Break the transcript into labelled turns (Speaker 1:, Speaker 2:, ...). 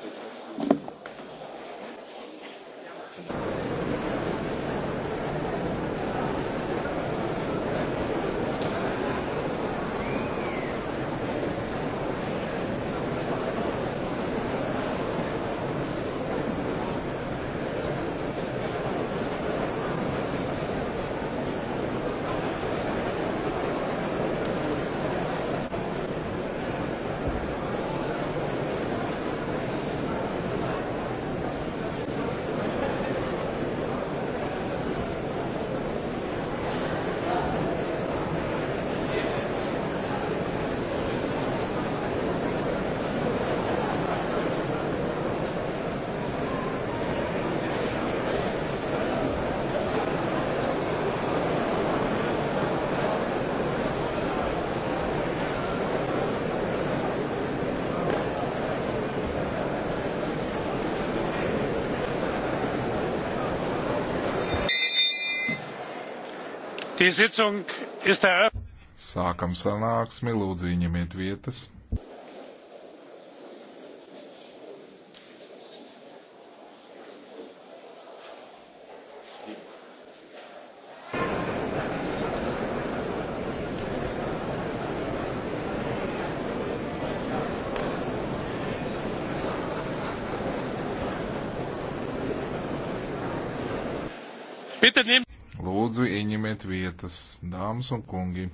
Speaker 1: Thank you. Sākam sanāksmi, lūdzu, ņemiet vietas. Bitte nehmen Lūdzu, ieņemiet vietas, dāmas un kungi!